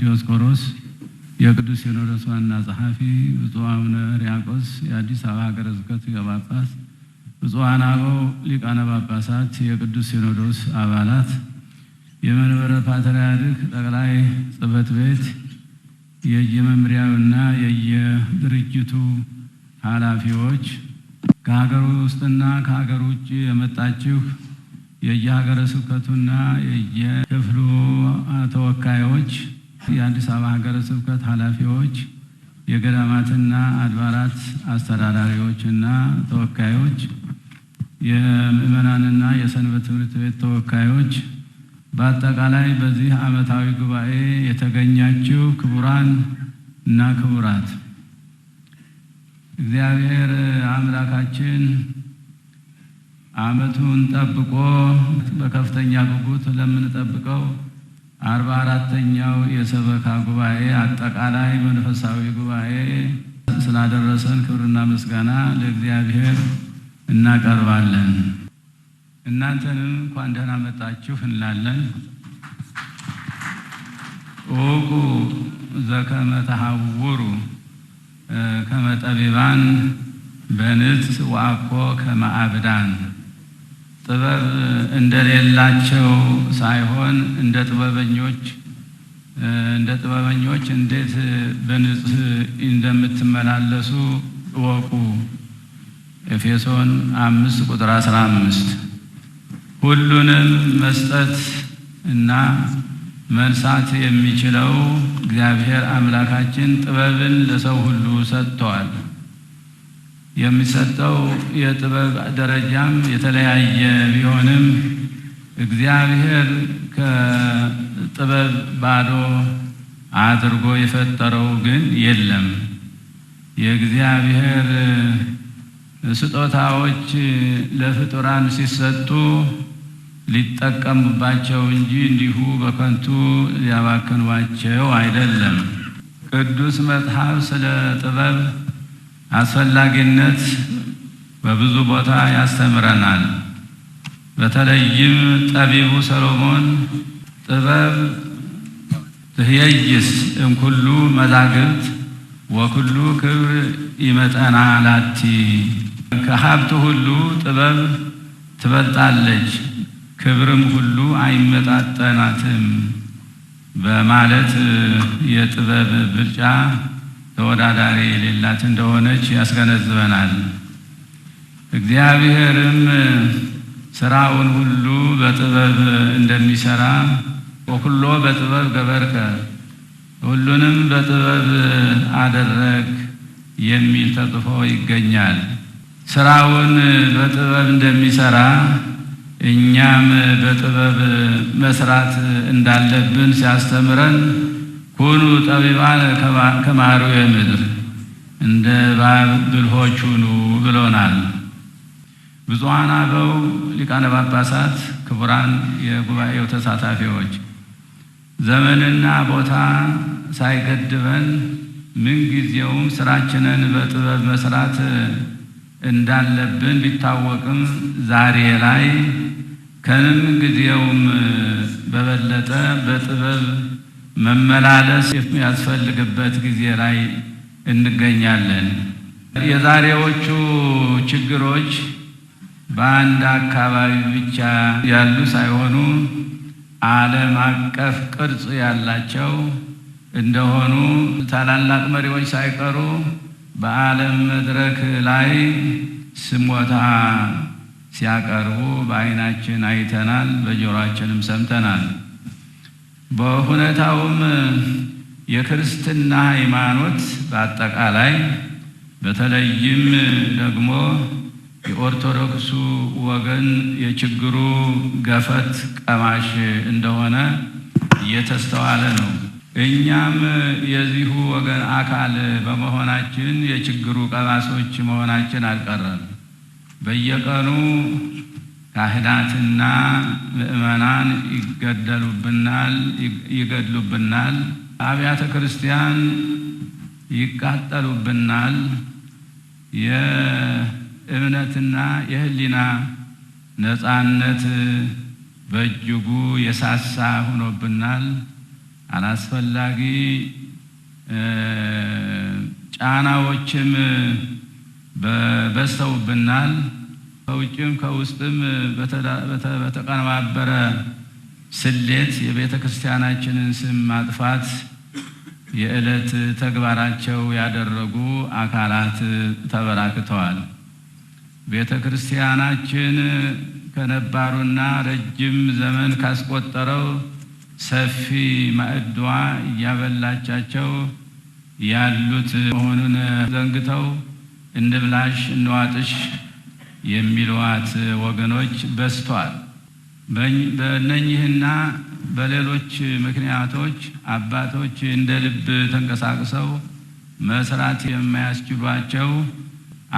ዲዮስቆሮስ የቅዱስ ሲኖዶስ ዋና ጸሐፊ፣ ብፁዕ አቡነ ሪያቆስ የአዲስ አበባ ሀገረ ስብከቱ ጳጳስ፣ ብፁዓን አበው ሊቃነ ጳጳሳት፣ የቅዱስ ሲኖዶስ አባላት፣ የመንበረ ፓትርያርክ ጠቅላይ ጽሕፈት ቤት የየመምሪያውና የየድርጅቱ ኃላፊዎች፣ ከሀገር ውስጥና ከሀገር ውጭ የመጣችሁ የየሀገረ ስብከቱና የየክፍሉ ተወካዮች፣ የአዲስ አበባ ሀገረ ስብከት ኃላፊዎች፣ የገዳማትና አድባራት አስተዳዳሪዎችና ተወካዮች፣ የምዕመናንና የሰንበት ትምህርት ቤት ተወካዮች፣ በአጠቃላይ በዚህ ዓመታዊ ጉባኤ የተገኛችው ክቡራን እና ክቡራት እግዚአብሔር አምላካችን ዓመቱን ጠብቆ በከፍተኛ ጉጉት ለምንጠብቀው አርባ አራተኛው የሰበካ ጉባኤ አጠቃላይ መንፈሳዊ ጉባኤ ስላደረሰን ክብርና ምስጋና ለእግዚአብሔር እናቀርባለን። እናንተንም እንኳን ደህና መጣችሁ እንላለን። እወቁ ዘከመ ተሐውሩ ከመ ጠቢባን በንጽሕ ወአኮ ከመ አብዳን ጥበብ እንደሌላቸው ሳይሆን እንደ ጥበበኞች እንደ ጥበበኞች እንዴት በንጽህ እንደምትመላለሱ እወቁ። ኤፌሶን አምስት ቁጥር አስራ አምስት ሁሉንም መስጠት እና መንሳት የሚችለው እግዚአብሔር አምላካችን ጥበብን ለሰው ሁሉ ሰጥተዋል። የሚሰጠው የጥበብ ደረጃም የተለያየ ቢሆንም እግዚአብሔር ከጥበብ ባዶ አድርጎ የፈጠረው ግን የለም። የእግዚአብሔር ስጦታዎች ለፍጡራን ሲሰጡ ሊጠቀሙባቸው እንጂ እንዲሁ በከንቱ ሊያባክኗቸው አይደለም። ቅዱስ መጽሐፍ ስለ ጥበብ አስፈላጊነት በብዙ ቦታ ያስተምረናል። በተለይም ጠቢቡ ሰሎሞን ጥበብ ትህየይስ እምኩሉ መዛግብት ወኩሉ ክብር ይመጠና ላቲ ከሀብት ሁሉ ጥበብ ትበልጣለች፣ ክብርም ሁሉ አይመጣጠናትም በማለት የጥበብ ብልጫ ተወዳዳሪ የሌላት እንደሆነች ያስገነዝበናል። እግዚአብሔርም ስራውን ሁሉ በጥበብ እንደሚሰራ ወኩሎ በጥበብ ገበርከ፣ ሁሉንም በጥበብ አደረግ የሚል ተጽፎ ይገኛል። ስራውን በጥበብ እንደሚሰራ እኛም በጥበብ መስራት እንዳለብን ሲያስተምረን ሁኑ ጠቢባን ከማሩ የምድር እንደ ባብ ብልሆች ሁኑ ብሎናል። ብፁዓን አበው ሊቃነ ጳጳሳት፣ ክቡራን የጉባኤው ተሳታፊዎች ዘመንና ቦታ ሳይገድበን ምንጊዜውም ስራችንን በጥበብ መስራት እንዳለብን ቢታወቅም ዛሬ ላይ ከምንጊዜውም በበለጠ በጥበብ መመላለስ የሚያስፈልግበት ጊዜ ላይ እንገኛለን። የዛሬዎቹ ችግሮች በአንድ አካባቢ ብቻ ያሉ ሳይሆኑ ዓለም አቀፍ ቅርጽ ያላቸው እንደሆኑ ታላላቅ መሪዎች ሳይቀሩ በዓለም መድረክ ላይ ስሞታ ሲያቀርቡ በዓይናችን አይተናል፣ በጆሮአችንም ሰምተናል። በሁኔታውም የክርስትና ሃይማኖት በአጠቃላይ በተለይም ደግሞ የኦርቶዶክሱ ወገን የችግሩ ገፈት ቀማሽ እንደሆነ እየተስተዋለ ነው። እኛም የዚሁ ወገን አካል በመሆናችን የችግሩ ቀማሶች መሆናችን አልቀረም። በየቀኑ ካህናትና ምእመናን ይገደሉብናል ይገድሉብናል፣ አብያተ ክርስቲያን ይቃጠሉብናል፣ የእምነትና የህሊና ነፃነት በእጅጉ የሳሳ ሆኖብናል። አላስፈላጊ ጫናዎችም በዝተውብናል። ከውጭም ከውስጥም በተቀነባበረ ስሌት የቤተ ክርስቲያናችንን ስም ማጥፋት የዕለት ተግባራቸው ያደረጉ አካላት ተበራክተዋል። ቤተ ክርስቲያናችን ከነባሩና ረጅም ዘመን ካስቆጠረው ሰፊ ማዕዷ እያበላቻቸው ያሉት መሆኑን ዘንግተው እንብላሽ እንዋጥሽ የሚለዋት ወገኖች በስቷል። በእነኚህና በሌሎች ምክንያቶች አባቶች እንደ ልብ ተንቀሳቅሰው መስራት የማያስችሏቸው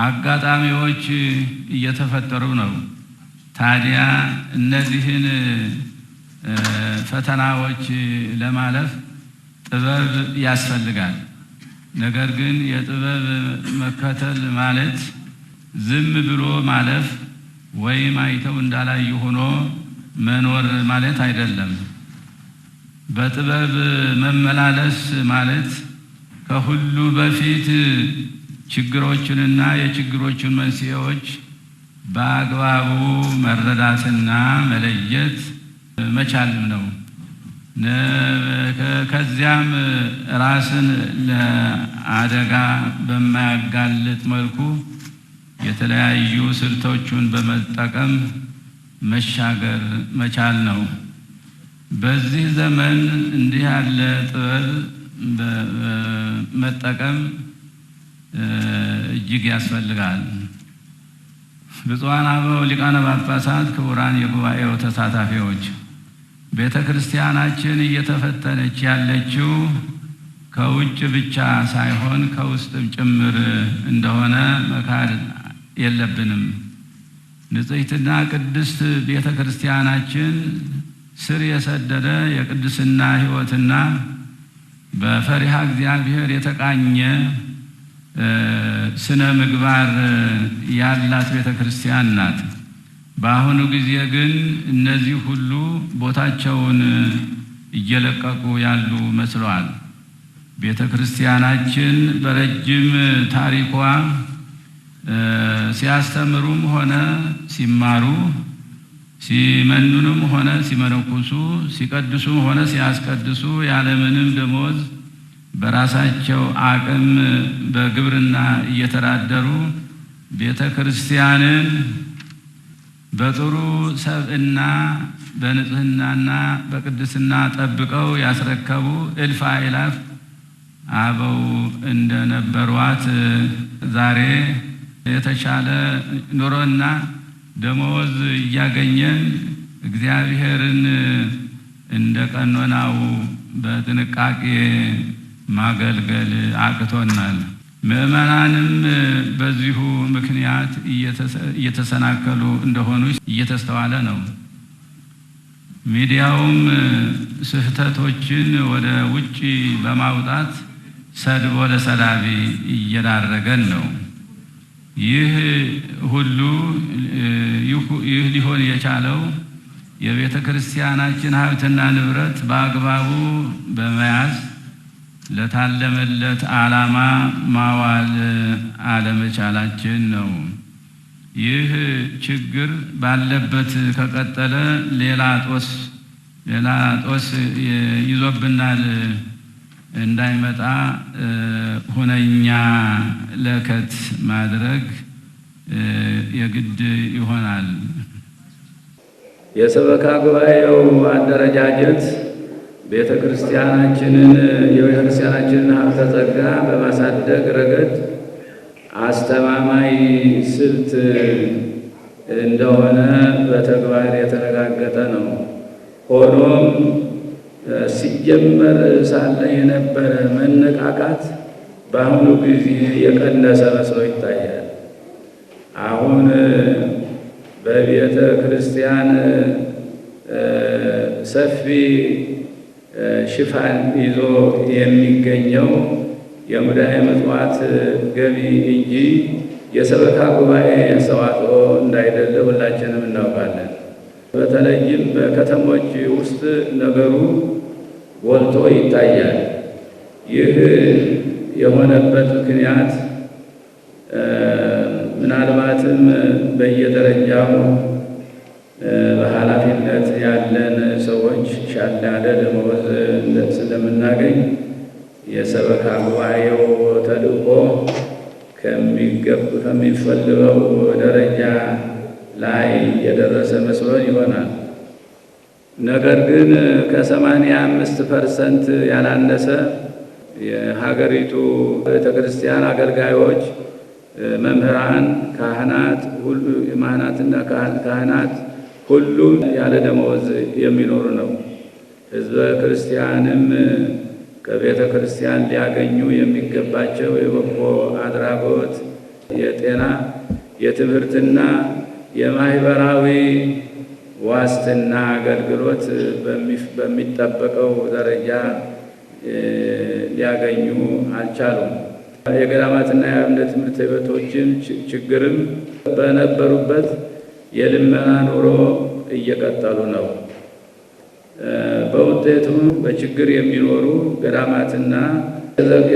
አጋጣሚዎች እየተፈጠሩ ነው። ታዲያ እነዚህን ፈተናዎች ለማለፍ ጥበብ ያስፈልጋል። ነገር ግን የጥበብ መከተል ማለት ዝም ብሎ ማለፍ ወይም አይተው እንዳላዩ ሆኖ መኖር ማለት አይደለም። በጥበብ መመላለስ ማለት ከሁሉ በፊት ችግሮችንና የችግሮችን መንስኤዎች በአግባቡ መረዳትና መለየት መቻልም ነው። ከዚያም ራስን ለአደጋ በማያጋልጥ መልኩ የተለያዩ ስልቶቹን በመጠቀም መሻገር መቻል ነው። በዚህ ዘመን እንዲህ ያለ ጥበብ መጠቀም እጅግ ያስፈልጋል። ብፁዓን አበው ሊቃነ ጳጳሳት፣ ክቡራን የጉባኤው ተሳታፊዎች፣ ቤተ ክርስቲያናችን እየተፈተነች ያለችው ከውጭ ብቻ ሳይሆን ከውስጥም ጭምር እንደሆነ መካድ የለብንም። ንጽሕትና ቅድስት ቤተ ክርስቲያናችን ስር የሰደደ የቅድስና ሕይወትና በፈሪሃ እግዚአብሔር የተቃኘ ስነ ምግባር ያላት ቤተ ክርስቲያን ናት። በአሁኑ ጊዜ ግን እነዚህ ሁሉ ቦታቸውን እየለቀቁ ያሉ መስለዋል። ቤተ ክርስቲያናችን በረጅም ታሪኳ ሲያስተምሩም ሆነ ሲማሩ ሲመኑንም ሆነ ሲመነኩሱ ሲቀድሱም ሆነ ሲያስቀድሱ ያለምንም ደሞዝ በራሳቸው አቅም በግብርና እየተዳደሩ ቤተ ክርስቲያንን በጥሩ ሰብእና በንጽህናና በቅድስና ጠብቀው ያስረከቡ እልፍ አእላፍ አበው እንደነበሯት ዛሬ የተሻለ ኑሮና ደመወዝ እያገኘን እግዚአብሔርን እንደ ቀኖናው በጥንቃቄ ማገልገል አቅቶናል። ምዕመናንም በዚሁ ምክንያት እየተሰናከሉ እንደሆኑ እየተስተዋለ ነው። ሚዲያውም ስህተቶችን ወደ ውጭ በማውጣት ሰድቦ ለሰላቢ እየዳረገን ነው። ይህ ሁሉ ይህ ሊሆን የቻለው የቤተ ክርስቲያናችን ሀብትና ንብረት በአግባቡ በመያዝ ለታለመለት ዓላማ ማዋል አለመቻላችን ነው። ይህ ችግር ባለበት ከቀጠለ ሌላ ጦስ ሌላ ጦስ ይዞብናል። እንዳይመጣ ሁነኛ ለከት ማድረግ የግድ ይሆናል። የሰበካ ጉባኤው አደረጃጀት ቤተ ክርስቲያናችንን የቤተ ክርስቲያናችንን ሀብተ ጸጋ በማሳደግ ረገድ አስተማማኝ ስልት እንደሆነ በተግባር የተረጋገጠ ነው። ሆኖም ሲጀመር ሳለ የነበረ መነቃቃት በአሁኑ ጊዜ የቀነሰ መስሎ ይታያል። አሁን በቤተ ክርስቲያን ሰፊ ሽፋን ይዞ የሚገኘው የሙዳየ ምጽዋት ገቢ እንጂ የሰበካ ጉባኤ ሰዋጽኦ እንዳይደለ ሁላችንም እናውቃለን። በተለይም በከተሞች ውስጥ ነገሩ ጎልቶ ይታያል። ይህ የሆነበት ምክንያት ምናልባትም በየደረጃው በኃላፊነት ያለን ሰዎች ሻል ያለ ደመወዝ ስለምናገኝ የሰበካ ጉባኤው ተልእኮ ከሚገቡ ከሚፈልገው ደረጃ ላይ የደረሰ መስሎን ይሆናል። ነገር ግን ከሰማንያ አምስት ፐርሰንት ያላነሰ የሀገሪቱ ቤተ ክርስቲያን አገልጋዮች፣ መምህራን፣ ካህናት ሁሉ ማህናትና ካህናት ሁሉም ያለ ደመወዝ የሚኖሩ ነው። ህዝበ ክርስቲያንም ከቤተ ክርስቲያን ሊያገኙ የሚገባቸው የበጎ አድራጎት፣ የጤና፣ የትምህርትና የማህበራዊ ዋስትና አገልግሎት በሚጠበቀው ደረጃ ሊያገኙ አልቻሉም። የገዳማትና የአብነት ትምህርት ቤቶችን ችግርም በነበሩበት የልመና ኑሮ እየቀጠሉ ነው። በውጤቱም በችግር የሚኖሩ ገዳማትና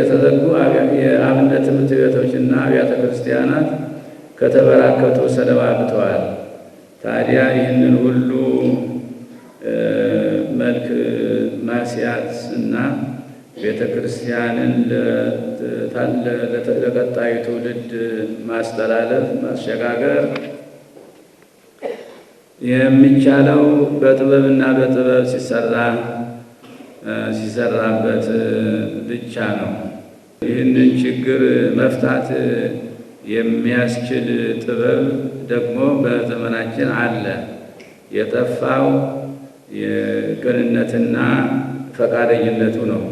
የተዘጉ የአብነት ትምህርት ቤቶችና አብያተ ክርስቲያናት ከተበራከቱ ሰለባብተዋል ታዲያ ይህንን ሁሉ መልክ ማስያት እና ቤተ ክርስቲያንን ለቀጣዩ ትውልድ ማስተላለፍ ማሸጋገር የሚቻለው በጥበብና በጥበብ ሲሰራ ሲሰራበት ብቻ ነው። ይህንን ችግር መፍታት የሚያስችል ጥበብ ደግሞ በዘመናችን አለ። የጠፋው የቅንነትና ፈቃደኝነቱ ነው።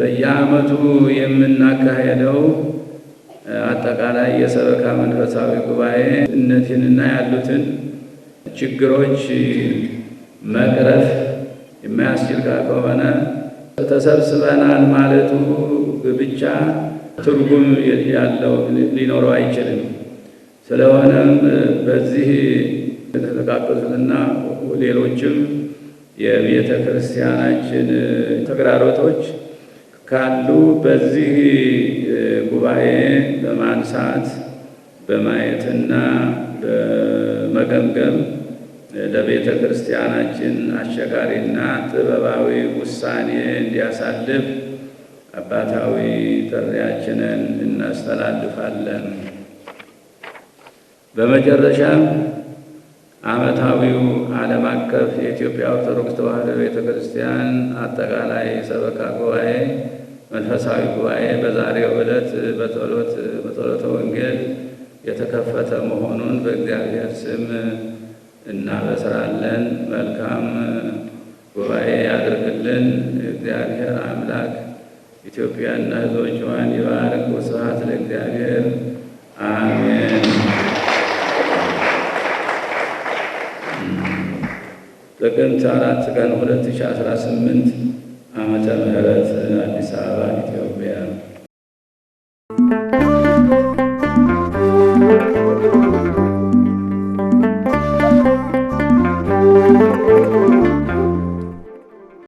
በየዓመቱ የምናካሄደው አጠቃላይ የሰበካ መንፈሳዊ ጉባኤ እነዚህንና ያሉትን ችግሮች መቅረፍ የማያስችል ከሆነ ተሰብስበናል ማለቱ ብቻ ትርጉም ያለው ሊኖረው አይችልም። ስለሆነም በዚህ የተጠቃቀሱትና ሌሎችም የቤተ ክርስቲያናችን ተግራሮቶች ካሉ በዚህ ጉባኤ በማንሳት በማየትና በመገምገም ለቤተ ክርስቲያናችን አሸጋሪና ጥበባዊ ውሳኔ እንዲያሳልፍ አባታዊ ጥሪያችንን እናስተላልፋለን። በመጨረሻም ዓመታዊው ዓለም አቀፍ የኢትዮጵያ ኦርቶዶክስ ተዋሕዶ ቤተ ክርስቲያን አጠቃላይ ሰበካ ጉባኤ መንፈሳዊ ጉባኤ በዛሬው ዕለት በጸሎተ ወንጌል የተከፈተ መሆኑን በእግዚአብሔር ስም እናበስራለን። መልካም ጉባኤ ያድርግልን እግዚአብሔር አምላክ። ኢትዮጵያና ሕዝቦቿን ይባርክ። ወስብሐት ለእግዚአብሔር አሜን። ጥቅምት አራት ቀን 2018 ዓመተ ምህረት አዲስ አበባ ኢትዮጵያ